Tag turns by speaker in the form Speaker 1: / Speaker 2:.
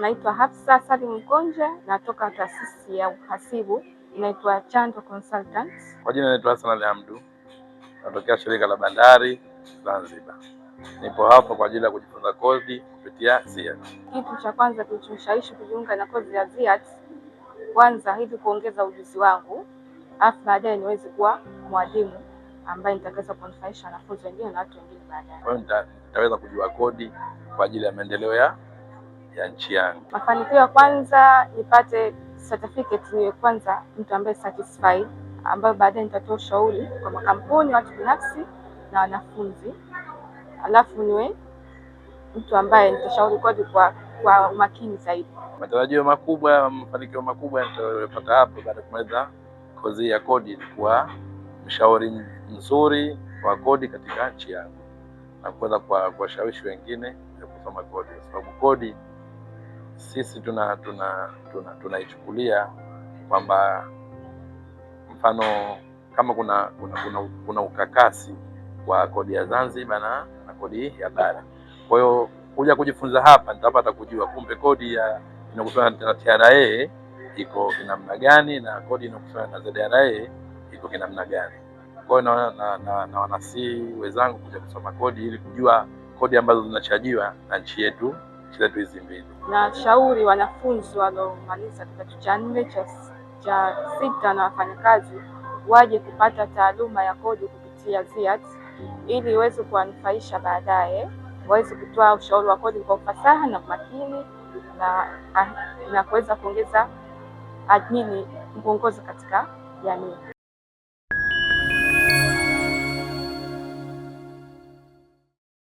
Speaker 1: Naitwa Hafsa Salim Mgonja, natoka taasisi ya uhasibu inaitwa Chanzo Consultants.
Speaker 2: Kwa jina naitwa Hassan Hamdu, natokea shirika la bandari Zanzibar. Nipo hapa kwa ajili ya kujifunza kozi kupitia ZIAT.
Speaker 1: Kitu cha kwanza kilichonishawishi kujiunga na kozi ya ZIAT, kwanza hivi kuongeza ujuzi wangu, alafu baadaye niweze kuwa mwalimu ambaye nitaweza kunufaisha wanafunzi wengine na watu wengine baadaye.
Speaker 2: Kwa hiyo nitaweza kujua kodi kwa ajili ya maendeleo ya ya nchi yangu.
Speaker 1: Mafanikio ya kwanza nipate certificate, niwe kwanza mtu ambaye satisfied, ambayo baadaye nitatoa ushauri kwa makampuni, watu binafsi na wanafunzi, alafu niwe mtu ambaye nitashauri kodi kwa kwa umakini zaidi.
Speaker 2: Matarajio makubwa, mafanikio makubwa nitayopata hapo baada ya kumaliza kozi ya kodi ni kuwa mshauri mzuri wa kodi katika nchi yangu na kuweza kuwashawishi wengine ya kusoma kodi, kwa sababu kodi sisi tunaichukulia tuna, tuna, tuna kwamba mfano kama kuna, kuna, kuna, kuna ukakasi wa kodi ya Zanzibar na, na kodi ya bara. Kwa hiyo kuja kujifunza hapa nitapata kujua kumbe kodi ya inakusanywa na TRA iko kinamna gani na kodi inakusanywa na ZRA iko kinamna gani. Kwa hiyo na, na, na, na wanasi wenzangu kuja kusoma kodi ili kujua kodi ambazo zinachajiwa na nchi yetu shule tu hizi mbili.
Speaker 1: Nashauri wanafunzi waliomaliza kidato cha nne cha, cha sita na wafanyakazi waje kupata taaluma ya kodi kupitia ZIAT ili iweze kuwanufaisha baadaye, waweze kutoa ushauri wa kodi kwa ufasaha na umakini na, ah, na kuweza kuongeza ajira, mwongozo katika jamii.